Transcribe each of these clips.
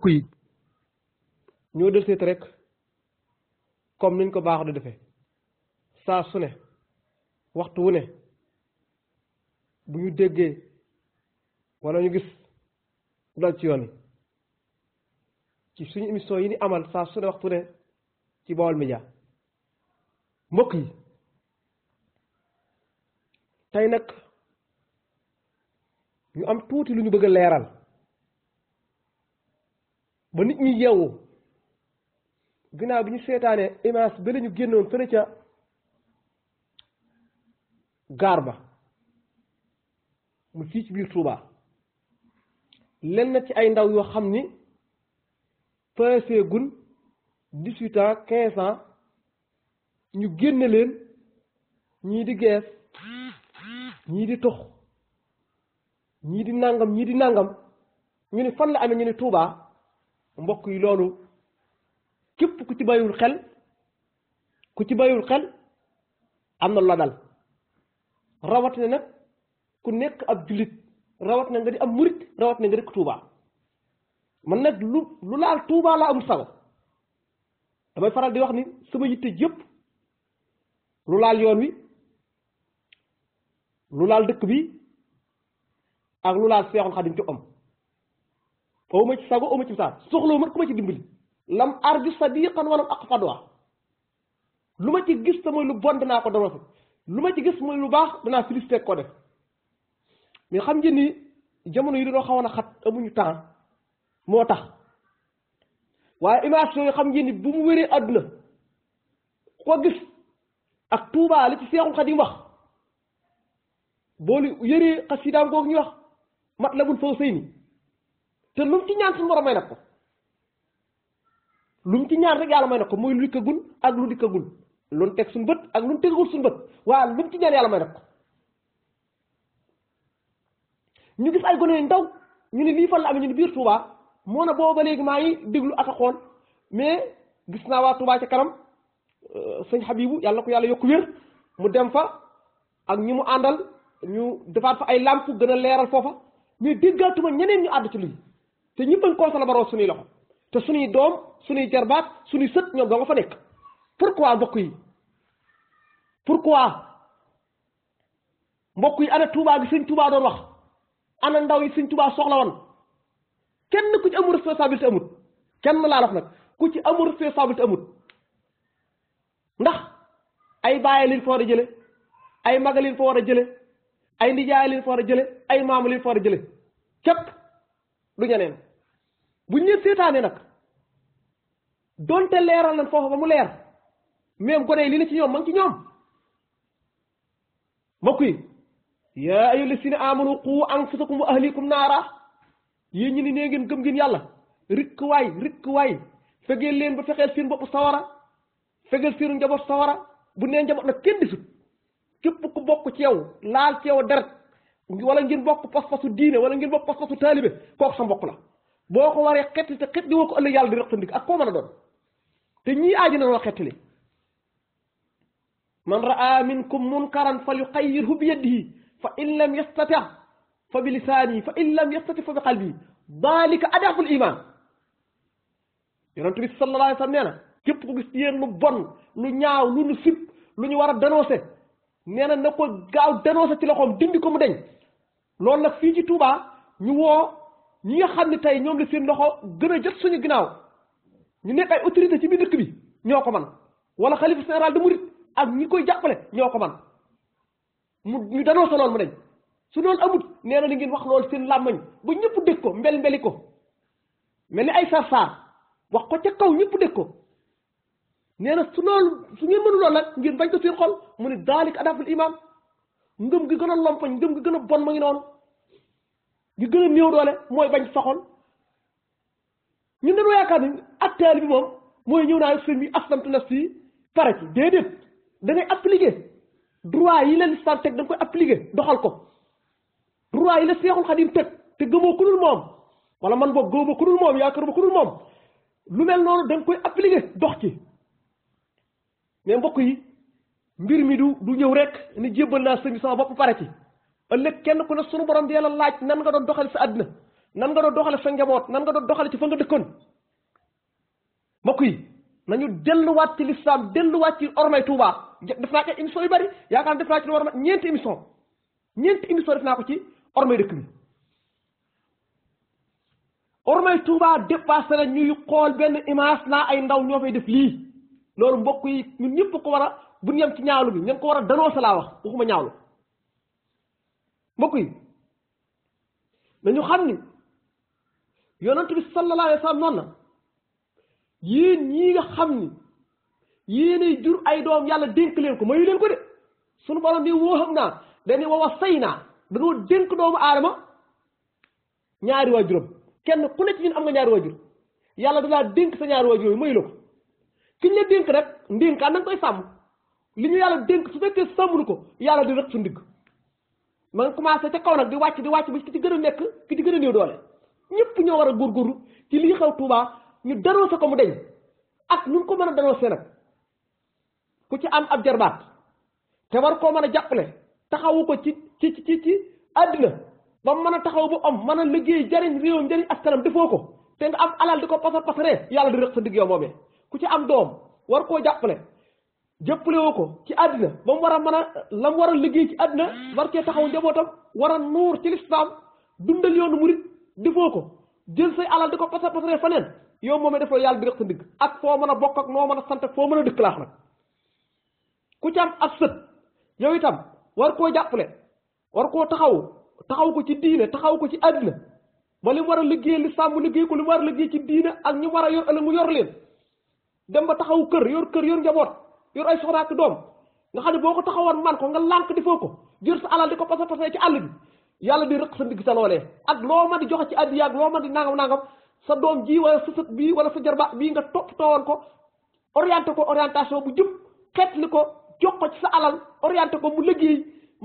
mbokk ñoo del seet rek comme niñ ko baax di defe saa su ne waxtu wu ne bu ñu déggee wala ñu gis dal ci yoon ci suñu émission yi ni amal saa su ne waxtu ne ci Baol Média mbokk yi tey nag ñu am tuuti lu ñu bëgg leeral ba nit ñi yeewu ginnaaw bi ñu seetaanee image ba la ñu génnoon fële ca gaar ba mu fii ci biir Touba lenn na ci ay ndaw yoo xam ni passé gun dix-huit ans quinze ans ñu génne leen ñii di gees ñii di tox ñii di nangam ñii di nangam ñu ni fan la amee ñu ni Touba mbokk yi loolu képp ku ci bayul xel ku ci bayul xel am na la dal rawat na nag ku nekk ab jullit rawat na nga di am murit rawat na nga dëkk Touba man nag lu lu laal Touba laa amul sago damay faral di wax ni sama yitte yëpp lu laal yoon wi lu laal dëkk bi ak lu laal seexul xadim ci aw ma ci sago aw ma ci misaal soxlawu ma ku ma ci dimbali lam arju sadiqan wala ak fadwa lu ma ci gis te mooy lu bon danaa ko dama lu ma ci gis mooy lu baax danaa félicité ko def mais xam ngeen ni jamono yi dañoo xawoon a xat amuñu temps moo tax waaye image yooyu xam ngeen ni bu mu wéree àdduna ko gis ak Tuubaa li ci Seexul Xadiim wax boolu yëree xasidaam googu ñu wax Matlabul Fawzayni te lu mu ci ñaan ci ñaan rek yàlla may na ko muy lu dikkagul ak lu dikkagul lu teg suñ bët ak lu mu tegagul suñu bët waa lu mu yàlla may na ko ñu gis ay gone yu ndaw ñu ne lii fa la amee ñu ne biir Touba moo ne booba ba léegi maa ngi déglu ak mais gis naa waa Touba ci kanam euh, sëñ Habibou yàlla ko yàlla yokk wér mu dem fa ak ñi mu àndal ñu defaat fa ay làmp gën a leeral foofa mais déggaatuma ñeneen ñu àdd ci lii. te ñëpp dañ koo su suñuy loxo te suñuy doom suñuy jarbaat suñuy sët ñoom doo nga fa nekk pourquoi mbokk yi pourquoi mbokk yi ana tuubaa gi sëñ Touba doon wax ana ndaw yi sëñ Touba soxla woon kenn ku ci amul responsabilité amut kenn laa wax nag ku ci amul responsabilité amut ndax ay bàyyi liñ fa war a jële ay maga liñ fa war a jële ay ndijaay liñ fa war a jële ay maama liñ fa war a jële du ñeneen buñ leen seetaane nag donte leeral nañ foofu ba mu leer même gone yi li ne ci ñoom ma ngi ci ñoom mbokk yi yaa ayyuha llazina amanu qu anfusakum wa ahlikum naara yéen ñi ni nee ngeen gëm ngeen yàlla rikk waay rikk waay fegeel leen ba fexeel seen bopp sawara fegeel seenu njaboot sawara bu nee njaboot nag kenn disut képp ku bokk ci yaw laal ci yow deret wala ngir bokk pas-pasu diine wala ngir bokk pas-pasu taalibe kooku sa mbokk la boo ko waree xetti te xet di woo ko ëllëg yàlla di rëqandik ak koo mën a doon te ñi aaji na noo xettali man raa minkum munkaran fal yuxayyirhu bi yadihi fa in lam yastati fa bi lisaanihi fa in lam yastati fa bi qalbihi dalika adaaful iman yonent bi sallallahu alayhi wa sallam nee na képp ko gis yéen lu bon lu ñaaw lu nu sib lu ñu war a dénoncé nee na na ko gaaw dénoncé ci loxoom dindi ko mu deñ loolu nag fii ci Touba ñu woo ñi nga xam ne tey ñoom la seen loxo gën a jot suñu ginnaaw ñu nekk ay autorité ci biir dëkk bi ñoo ko man wala xalifa général de Mouride ak ñi koy jàppale ñoo ko man mu ñu danoo sa lool mu dañ su loolu amut nee li ngeen wax lool seen làmmañ ba ñëpp dégg ko mbel mbeli ko mel ni ay saar-saar wax ko ca kaw ñëpp dégg ko nee na su loolu su ngeen mënu loolu nag ngeen bañ ko seen xol mu ne daalik adaful imaam ngëm gi gën a lompoñ ngëm gi gën a bon ma ngi noonu gi gën a néew doole mooy bañ soxol ñun dañoo yaakaar ni actuel bi moom mooy ñëw naa sëñ bi aslamtu si pare ci déedéet da ngay appliquer yi la lislam teg da nga koy appliquer doxal ko droit yi la seexul xadim teg te gëmoo ku dul moom wala man boog gëmoo ku dul moom yaakaar ba ku dul moom lu mel noonu da nga koy appliquer dox ci mais mbokk yi mbir mi du du ñëw rek ni jébbal naa sëñ bi sama bopp pare ci ëllëg kenn ku ne sunu borom di la laaj nan nga doon doxale sa àddina nan nga doon doxale sa njaboot nan nga doon doxale ci fa nga dëkkoon mbokk yi nañu delluwaat ci lislaam delluwaat ci ormay Touba def naa ci émission yu bari yaakaar def naa ci war ñeenti émission ñeenti émission def naa ko ci ormay dëkk bi ormay Touba dépassé na ñuy xool benn image naa ay ndaw ñoo fay def lii loolu mbokk yi ñun ñëpp ko war a bu ñu yem ci ñaawlu bi ñen ko war a danoo sa laa wax ma ñaawlu mbokk yi nañu xam ni yonent bi sallallahu alayhi wa sallam noonu la yéen nga xam ni yéenay jur ay doom yàlla dénk leen ko mayu leen ko de sunu borom bi woo xam naa dañuy wawa say naa dañoo dénk doomu aadama ñaari waajuram kenn ku nekk ci ñun am nga ñaari waajur yàlla danaa dénk sa ñaari waajur yooyu mayu la ko ki ñu la rek ndénkaan na nga koy li ñu yàlla dénk su fekkee sàmmul ko yàlla di rëq sa ndigg ma nga commencé ca kaw nag di wàcc di wàcc ba ki ci gën nekk ki ci gën a néew doole ñëpp ñoo war a góorgóorlu ci lii xew Touba ñu danoose ko mu deñ ak nu ko mën a danoose nag ku ci am ab jarbaat te war koo mën a jàppale taxawu ko ci ci ci ci àddina ba mën a taxaw bu am mën a liggéey jariñ réewam jariñ askanam defoo ko te nga am alal di ko pasa pasaree yàlla di rëq sa ndigg yow moomee ku ci am doom war koo jàppale jëppalewoo ko ci àddina ba mu war a mën a la mu war a liggéey ci àddina mm. war cee taxaw njabootam war a nuur ci lislaam dundal ko jël say alal di ko pasar pasaree yow moom def loolu yàlla di ak foo mën a bokk ak noo mën a sant ak foo a dëkk laax nag itam war koo jàppale war koo taxaw taxaw ko ci taxaw ko ci àddina ba li mu war a liggéey lislaam mu liggéey ko li mu war a liggéey ci diine ak war a yor ëllëg mu yor leen dem ba taxaw kër yor kër yor njaboot yor ay soxna doom nga xam ne boo ko taxawoon man ko nga lànk defoo ko jël sa alal di ko pasa pasa ci àll bi yàlla di rëq sa ndigg sa loolee ak loo mën di joxe ci addiya ak loo mën di nangam nangam sa doom ji wala sa sët bii wala sa jarba bii nga toppatoo woon ko orienté ko orientation bu jub xeetli ko jox ko ci sa alal orienté ko mu liggéey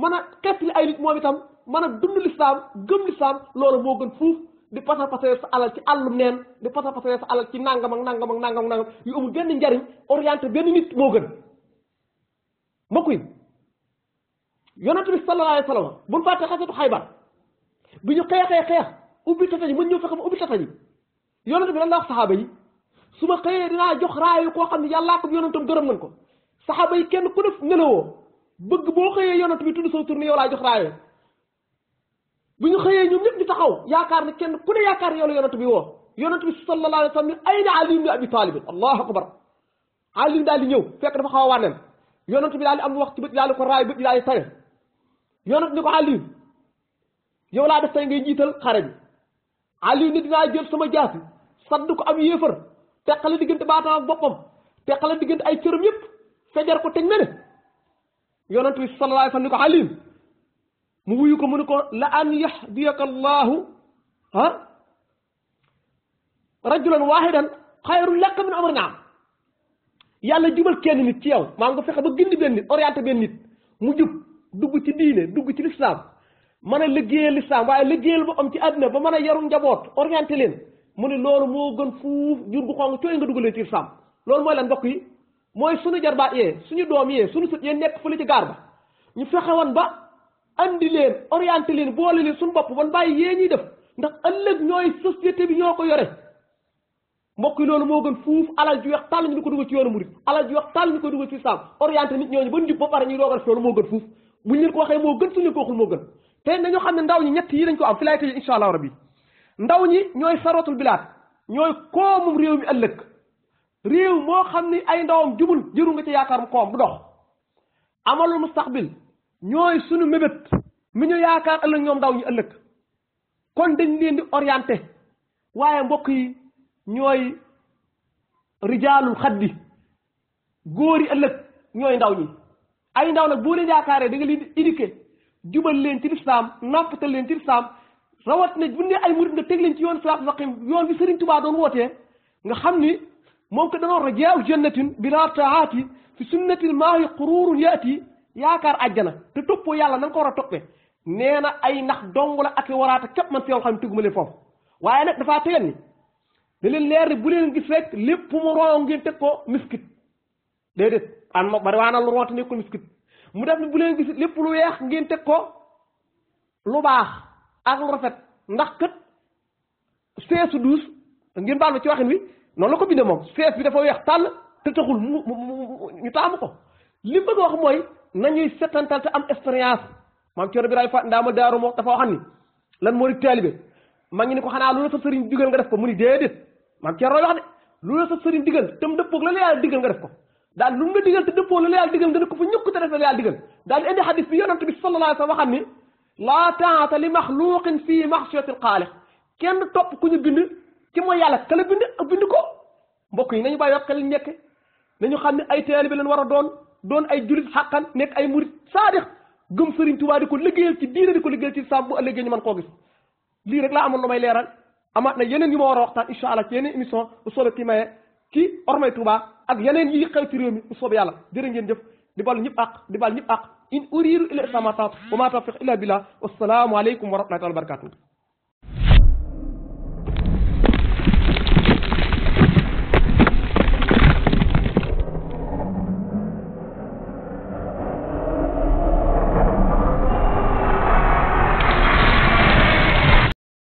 mën a xeetli ay nit moom itam mën a dund lislaam gëm lislaam loolu moo gën fuuf di pasar pasaree sa alal ci àllum neen di pasar pasaree sa alal ci nangam ak nangam ak nangam benn njariñ orienté benn nit moo gën mbokk yi yonent bi sallallahu alayhi wa sallam bu ñu fàtte xasatu xaybar bi ñu xeexee xeex ubbi tata ji mën ñëw fexe ba ubbi tata ji yonent bi lan la wax saxaaba yi su ma xëyee dinaa jox raayu koo xam ne yàllaa ko yonentam gërëm nañ ko saxaaba yi kenn ku def nelawoo bëgg boo xëyee yonent bi tudd sa tur ni yow laa jox raayu bu ñu xëyee ñoom ñëpp di taxaw yaakaar ne kenn ku ne yaakaar yow bi woo yonent bi sallallahu alayhi wa sallam ayna ali ibn abi talib allahu akbar ali daal di ñëw fekk dafa xawa a wànneen yonent bi daal di am wax ci bët daal di ko raay bët daal di yow laa def ngay jiital xare bi ali ne dinaa jël sama jaasi sadd ko am yéefar teqale diggante baataam ak boppam teqale diggante ay cëram yëpp fejar ko teg mene yonent bi sallallahu alayhi wa sallam mu wuyu ko mu ne ko la an yahdiyaka allahu ah rajulan wahidan xayrun laka min amrin am yàlla jubal kenn nit ci yow maa nga fexe ba gindi benn nit orienté benn nit mu jub dugg ci diine dugg ci lislaam mën a liggéeyal lislaam waaye liggéeyal ba am ci àddina ba mën a yarum njaboot orienté leen mu ne loolu moo gën fuuf jur gu xong cooy nga dugalee ci lislaam loolu mooy lan mbokk yi mooy suñu jarbaat yee suñu doom yee suñu sët yee nekk fële ci gaar ba ñu fexe woon andi leen orienté leen boole leen suñu bopp ban bàyyi yée ñuy def ndax ëllëg ñooy société bi ñoo ko yore mbokki yi loolu moo gën fuuf alal ju weex tàll ñu ko dugal ci yoonu murid alal ju weex tàll ñu ko dugal ci saam orienté nit ñooñu ba njub ba pare ñu doog def loolu moo gën fuuf buñ leen ko waxee moo gën suñu ko waxul moo gën te nañoo xam ne ndaw ñi ñett yi dañ ko am fi laay tëjee incha allah rabbi ndaw ñi ñooy sarotul bilaat ñooy koomum réew mi ëllëg réew xam ne ay ndawam jubul jëru nga ci yaakaar mu koom du dox amalul mustaqbil ñooy sunu mébét mi ñu yaakaar ëllëg ñoom ndaw ñu ëllëg kon dañ leen di orienté waaye mbokk yi ñooy rijaalul xaddi góor yi ëllëg ñooy ndaw ñi ay ndaw nag boo leen yaakaaree da nga leen di éduqué jubal leen ci lislaam nappatal leen ci lislaam rawat na bu ne ay murid nga teg leen ci yoon siraatal mustaqiim yoon bi Serigne Touba doon wootee nga xam ni moom ko danoon rajaa'u jannatin bilaa taa'ati fi sunnatil maahi quruurun yaati yaakaar àjjana te tëppoo yàlla na nga ko war a toppee nee na ay ndax dong la ak i waraata képp man seen xam tuguma leen foofu waaye nag dafaa te ni da leen leer bu leen gis rek lépp mu roo ngeen teg ko miskit déedéet an ma bari lu mu def ni bu leen gis lépp lu weex ngeen teg ko lu baax ak lu rafet ndax kët seesu duus ngeen baal ma ci waxin wi noonu la ko bindee moom sees bi dafa weex tàll te taxul mu ñu taamu ko li bëgg wax mooy nañuy setantal te am expérience maam Thierno Birahim Fall Ndaama Daaru moo dafa waxam lan moo di taalibe maa ngi ni ko xanaa lu la sa sëriñ digal nga def ko mu ni déedéet maam Thierno wax ne lu la sa sëriñ digal tam dëppoog la la yàlla digal nga def ko daal lu mu la te dëppoo la la yàlla digal nga ne ko fa ñëkk def la la yàlla daal di indi xadis bi yonent bi sallallahu waxam ni la bind bind ko mbokk yi nañu bàyyi wax xel nekk nañu xam ne ay taalibe lañ war a doon doon ay julit xàqan nekk ay murit saadix gëm sëriñ Tuubaa di ko liggéeyal ci diine di ko liggéeyal ci saab bu ëllëgee ñu mën koo gis lii rek laa amoon lu may leeral amaat na yeneen yu ma war a waxtaan incha allah ci yeneen émission bu soobee ki maye ci ormay Tuubaa ak yeneen yi xew ci réew mi bu soobee yàlla jërë ngeen jëf di bal ñëpp àq di bal ñëpp àq in uriidu illa islaaha ma stata'tu wa ma tawfiq illa billah wassalaamu aleykum wa rahmatullahi wa barakatuh